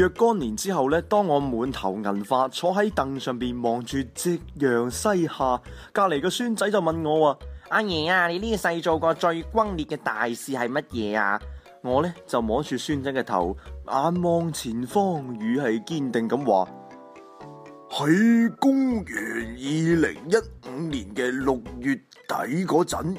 若干年之後呢當我滿頭銀發坐喺凳上邊望住夕陽西下，隔籬個孫仔就問我：，阿爺啊，你呢世做過最轟烈嘅大事係乜嘢啊？我呢就摸住孫仔嘅頭，眼望前方堅，語氣堅定咁話：喺公元二零一五年嘅六月底嗰陣。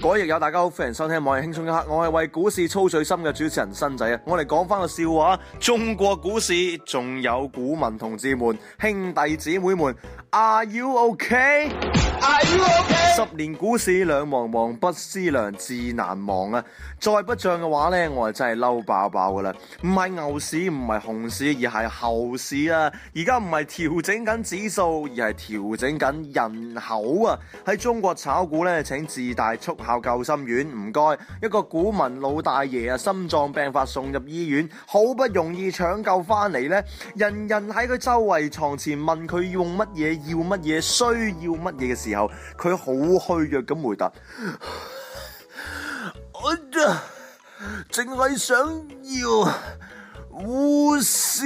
各位亦有大家好，歡迎收聽《網易輕鬆一刻》，我係為股市操碎心嘅主持人新仔。我嚟講返個笑話，中國股市仲有股民，同志們、兄弟姐妹們。Are you okay? Are you okay? 十年股市兩茫茫，不思量，自難忘啊！再不像嘅話咧，我又真係嬲爆爆噶啦！唔係牛市，唔係熊市，而係後市啊！而家唔係調整緊指數，而係調整緊人口啊！喺中國炒股呢，請自帶速效救心丸。唔該，一個股民老大爺啊，心臟病發送入醫院，好不容易搶救翻嚟呢。人人喺佢周圍床前問佢用乜嘢。要乜嘢？需要乜嘢嘅時候，佢好虛弱咁回答：哎呀，淨係想要護士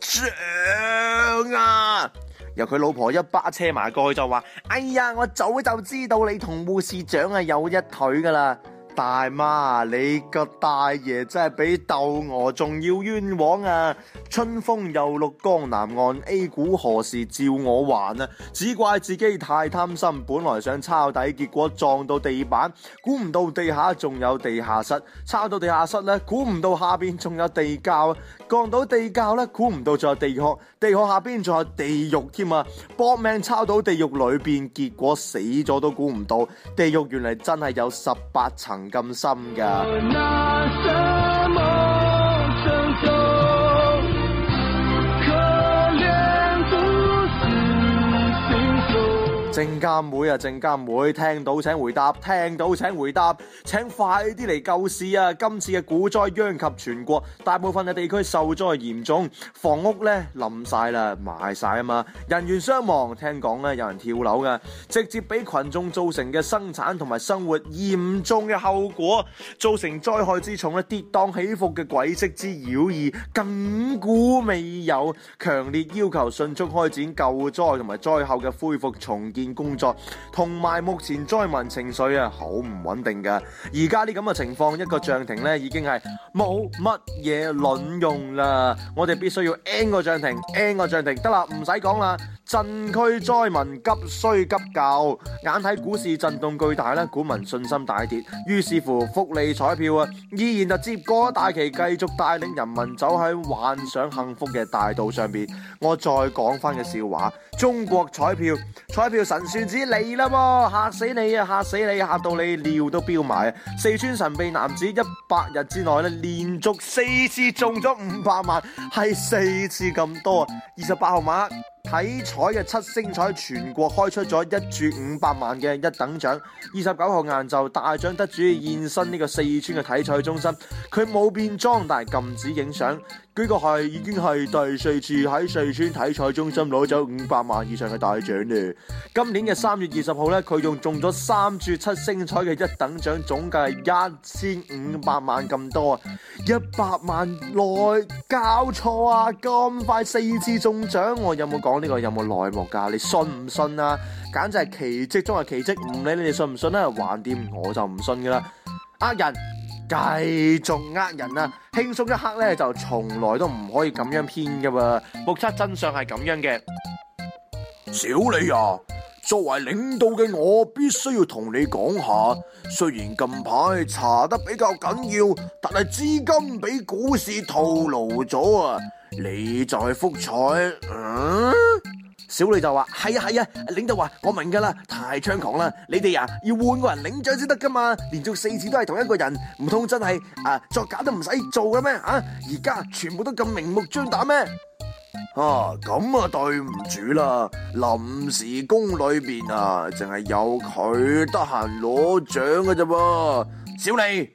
長啊！由佢老婆一巴車埋過去就話：哎呀，我早就知道你同護士長係有一腿噶啦！大媽，你個大爺真係比竇娥仲要冤枉啊！春風又綠江南岸，A 股何時照我還啊？只怪自己太貪心，本來想抄底，結果撞到地板。估唔到地下仲有地下室，抄到地下室呢，估唔到下邊仲有地窖。降到地窖呢，估唔到仲有地殼，地殼下邊仲有地獄添啊！搏命抄到地獄裏邊，結果死咗都估唔到，地獄原來真係有十八層。咁深㗎。證監會啊，證監會聽到請回答，聽到請回答，請快啲嚟救市啊！今次嘅股災殃及全國，大部分嘅地區受災嚴重，房屋咧冧晒啦，賣晒啊嘛，人員傷亡，聽講咧有人跳樓噶，直接俾群眾造成嘅生產同埋生活嚴重嘅後果，造成災害之重咧跌宕起伏嘅軌跡之妖異，亘古未有，強烈要求迅速開展救災同埋災後嘅恢復重建。工作同埋目前災民情緒啊，好唔穩定㗎。而家呢咁嘅情況，一個漲停咧已經係冇乜嘢卵用啦。我哋必須要 N 個漲停，N 個漲停得啦，唔使講啦。震區災民急需急救，眼睇股市震動巨大咧，股民信心大跌。於是乎，福利彩票啊，依然就接過大旗，繼續帶領人民走喺幻想幸福嘅大道上邊。我再講翻個笑話，中國彩票彩票神算子嚟啦，啊，嚇死你啊！嚇死你，啊、嚇、啊、到你尿都飆埋啊！四川神秘男子一百日之內咧，連續四次中咗五百萬，係四次咁多，二十八號碼。體彩嘅七星彩全國開出咗一注五百萬嘅一等獎，二十九號晏晝大獎得主現身呢個四川嘅體彩中心，佢冇變裝但係禁止影相。呢個係已經係第四次喺四川體彩中心攞走五百萬以上嘅大獎咧。今年嘅三月二十號呢，佢仲中咗三注七星彩嘅一等獎，總計一千五百萬咁多。一百萬內搞錯啊！咁快四次中獎，我有冇講呢，呢個有冇內幕噶？你信唔信啊？簡直係奇蹟中嘅奇蹟，唔理你哋信唔信啦，啊，橫掂我就唔信噶啦，呃人。繼續呃人啊！輕鬆一刻咧就從來都唔可以咁樣編噶喎，目測真相係咁樣嘅。小李啊，作為領導嘅我必須要同你講下，雖然近排查得比較緊要，但係資金俾股市套牢咗啊！你就係福彩，嗯？小李就話：係啊係啊，領導話我明噶啦，太猖狂啦！你哋啊要換個人領獎先得噶嘛，連續四次都係同一個人，唔通真係啊作假都唔使做嘅咩？吓、啊，而家全部都咁明目張膽咩？啊，咁啊對唔住啦，臨時工裏邊啊淨係有佢得閒攞獎嘅啫噃，小李，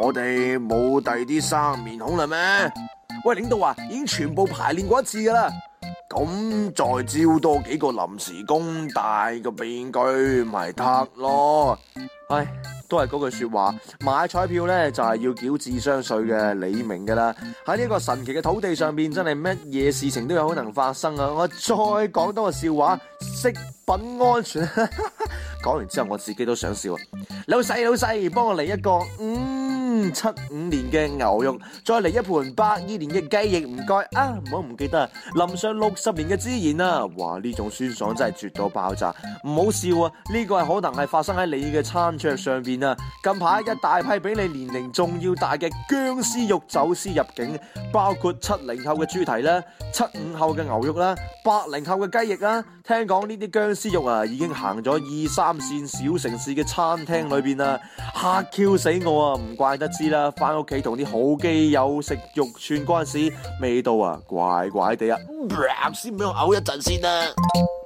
我哋冇第啲生面孔啦咩、啊？喂，領導話，已經全部排練過一次噶啦。咁再招多幾個臨時工大嘅面具咪得咯？唉，都係嗰句說話，買彩票呢，就係要繳智商稅嘅，你明噶啦。喺呢個神奇嘅土地上面，真係乜嘢事情都有可能發生啊！我再講多個笑話，食品安全講 完之後，我自己都想笑啊！老細老細，幫我嚟一個嗯，七五年嘅牛肉，再嚟一盤八二年嘅雞翼唔該啊，唔好唔記得淋上六十年嘅孜然啊，哇呢種酸爽真係絕到爆炸。唔好笑啊，呢個係可能係發生喺你嘅餐桌上邊啊。近排一大批比你年齡仲要大嘅僵屍肉走私入境，包括七零後嘅豬蹄啦、七五後嘅牛肉啦、八零後嘅雞翼啦，聽講呢啲僵屍肉啊已經行咗二三線小城市嘅餐廳裏邊啦，吓 Q 死我啊，唔怪得。知啦，返屋企同啲好基友食肉串嗰陣時，味道啊怪怪地啊， 先俾我嘔一陣先啦、啊。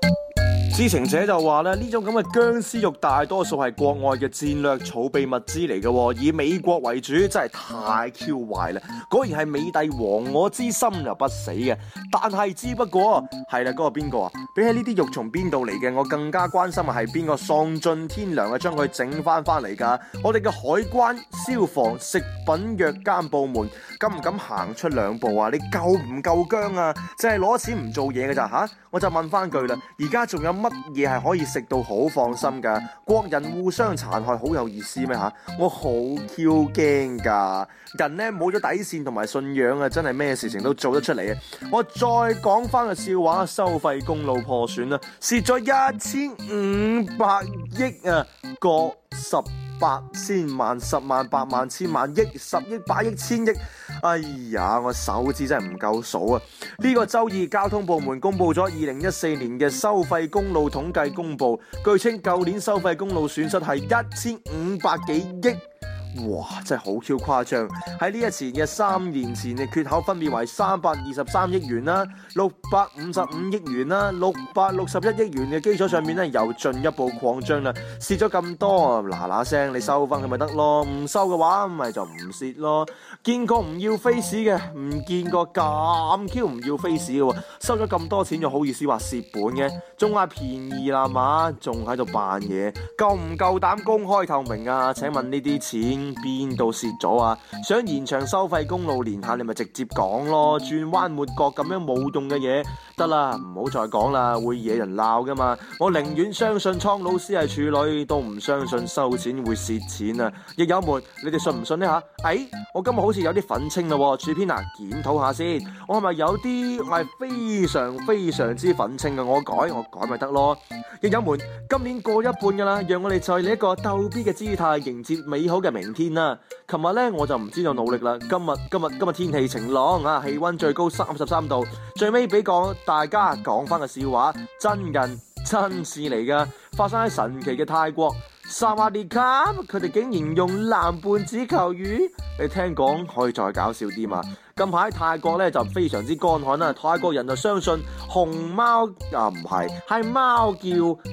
知情者就話咧，呢種咁嘅僵屍肉，大多數係國外嘅戰略儲備物資嚟嘅，以美國為主，真係太 Q 壞啦！果然係美帝亡我之心又不死嘅，但係只不過係啦，嗰個邊個啊？比起呢啲肉從邊度嚟嘅，我更加關心嘅係邊個喪盡天良將啊？將佢整翻翻嚟噶？我哋嘅海關、消防、食品藥監部門敢唔敢行出兩步啊？你夠唔夠薑啊？淨係攞錢唔做嘢噶咋吓？我就問翻句啦，而家仲有？乜嘢係可以食到好放心噶？國人互相殘害，好有意思咩嚇？我好 Q 驚噶，人呢冇咗底線同埋信仰啊，真係咩事情都做得出嚟呀。我再講翻個笑話，收費公路破損啦，蝕咗一千五百億啊，過十。八千萬、十萬、百萬、千萬、億、十億、百億、千億，哎呀，我手指真係唔夠數啊！呢個週二交通部門公布咗二零一四年嘅收費公路統計公佈，據稱舊年收費公路損失係一千五百幾億。哇！真係好 Q 誇張，喺呢一前嘅三年前嘅缺口分別為三百二十三億元啦、六百五十五億元啦、六百六十一億元嘅基礎上面咧，又進一步擴張啦，蝕咗咁多，嗱嗱聲你收翻佢咪得咯，唔收嘅話咪就唔蝕咯。見過唔要 face 嘅，唔見過咁 Q 唔要 face 嘅，收咗咁多錢就好意思話蝕本嘅，仲話便宜啦嘛，仲喺度扮嘢，夠唔夠膽公開透明啊？請問呢啲錢？邊度蝕咗啊？想延長收費公路年限，你咪直接講咯，轉彎抹角咁樣冇用嘅嘢得啦，唔好再講啦，會惹人鬧噶嘛。我寧願相信蒼老師係處女，都唔相信收錢會蝕錢啊！益友們，你哋信唔信呢吓？哎，我今日好似有啲憤青咯，主編啊，檢討下先，我係咪有啲？我係非常非常之憤青噶，我改我改咪得咯。益友們，今年過一半噶啦，讓我哋在呢一個逗逼嘅姿態迎接美好嘅明天啦！琴日咧我就唔知有努力啦。今日今日今日天氣晴朗啊，氣溫最高三十三度。最尾俾講大家講翻個笑話，真人真事嚟噶，發生喺神奇嘅泰國沙瓦迪卡，佢哋竟然用藍胖子求雨。你聽講可以再搞笑啲嘛？近排泰國咧就非常之乾旱啦，泰國人就相信熊貓啊唔係，係貓叫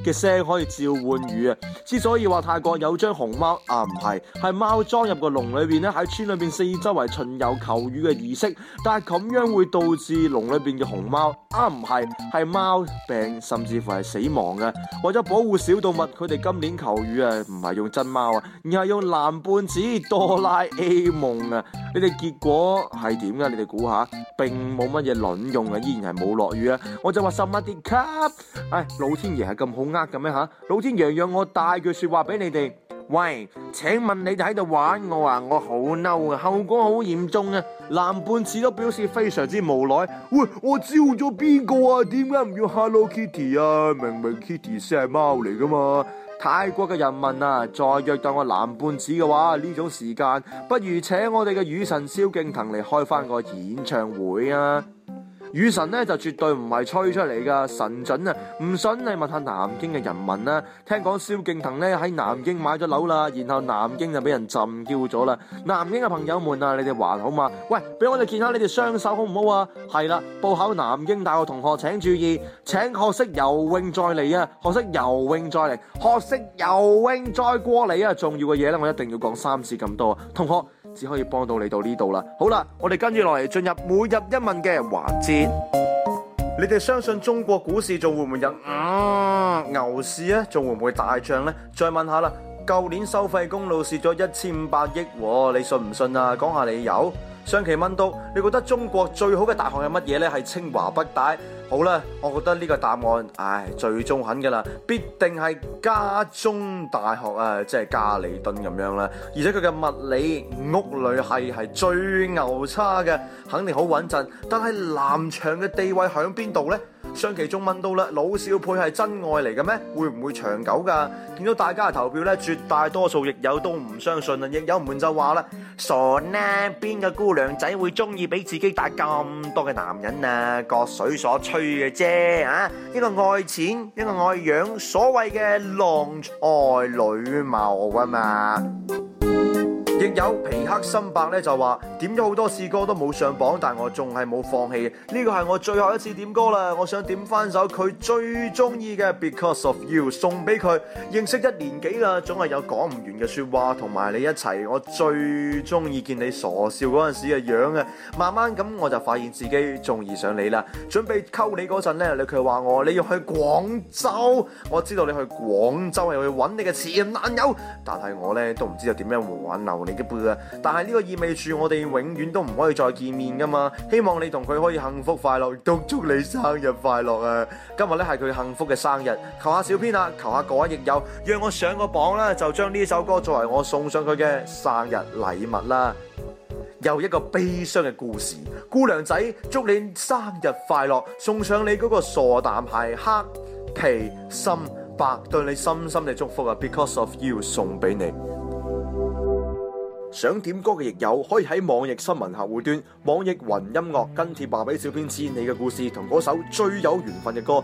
嘅聲可以召喚雨啊。之所以話泰國有將熊貓啊唔係，係貓裝入個籠裏邊咧，喺村裏邊四周圍巡遊求雨嘅儀式，但係咁樣會導致籠裏邊嘅熊貓啊唔係，係貓病甚至乎係死亡嘅。為咗保護小動物，佢哋今年求雨啊唔係用真貓啊，而係用藍胖子哆啦 A 夢啊。你哋結果係點？點解你哋估下？並冇乜嘢卵用啊！依然係冇落雨啊！我就話十蚊跌級，唉，老天爺係咁好呃嘅咩吓？老天爺讓我帶句說話俾你哋。喂，請問你哋喺度玩我啊？我好嬲啊！後果好嚴重啊！男半次都表示非常之無奈。喂，我招咗邊個啊？點解唔用 Hello Kitty 啊？明明 Kitty 先係貓嚟噶嘛？泰國嘅人民啊，再約到我男伴子嘅話，呢種時間不如請我哋嘅雨神蕭敬騰嚟開翻個演唱會啊！雨神呢就絕對唔係吹出嚟噶，神準啊！唔信你問下南京嘅人民啦、啊。聽講蕭敬騰呢喺南京買咗樓啦，然後南京就俾人浸叫咗啦。南京嘅朋友們啊，你哋還好嘛？喂，俾我哋見下你哋雙手好唔好啊？係啦，報考南京大學同學請注意，請學識游泳再嚟啊！學識游泳再嚟，學識游泳再過嚟啊！重要嘅嘢呢，我一定要講三次咁多，啊！同學。只可以幫到你到呢度啦。好啦，我哋跟住落嚟進入每日一問嘅環節。你哋相信中國股市仲會唔會有、嗯、牛市呢？仲會唔會大漲呢？再問下啦，舊年收費公路蝕咗一千五百億、哦，你信唔信啊？講下理由。上期問到，你覺得中國最好嘅大學係乜嘢呢？係清華、北大。好啦，我覺得呢個答案，唉，最中肯嘅啦，必定係家中大學啊，即係家裏蹲咁樣啦。而且佢嘅物理屋裏係係最牛叉嘅，肯定好穩陣。但係南牆嘅地位喺邊度呢？上期仲問到啦，老少配係真愛嚟嘅咩？會唔會長久噶？見到大家嘅投票咧，絕大多數亦有都唔相信啊！亦有們就話啦：傻呢，邊個姑娘仔會鍾意比自己大咁多嘅男人啊？各取所需嘅啫啊！一個愛錢，一個愛樣，所謂嘅郎才女貌噶嘛。亦有皮克森伯咧就話點咗好多次歌都冇上榜，但我仲係冇放棄。呢個係我最後一次點歌啦，我想點翻首佢最中意嘅《Because of You》送俾佢。認識一年幾啦，總係有講唔完嘅說話，同埋你一齊，我最中意見你傻笑陣時嘅樣啊！慢慢咁我就發現自己中意上你啦。準備溝你陣咧，你佢話我你要去廣州，我知道你去廣州係要揾你嘅前男友，但係我咧都唔知道點樣挽留。但係呢個意味住我哋永遠都唔可以再見面噶嘛。希望你同佢可以幸福快樂，祝祝你生日快樂啊！今日咧係佢幸福嘅生日，求下小編啊，求下各位益友，讓我上個榜啦，啊，就將呢首歌作為我送上佢嘅生日禮物啦。又一個悲傷嘅故事，姑娘仔，祝你生日快樂，送上你嗰個傻蛋係黑、奇、心、白，對你深深嘅祝福啊！Because of you，送俾你。想點歌嘅亦有，可以喺網易新聞客戶端、網易雲音樂跟帖話俾小編知，你嘅故事同嗰首最有緣分嘅歌。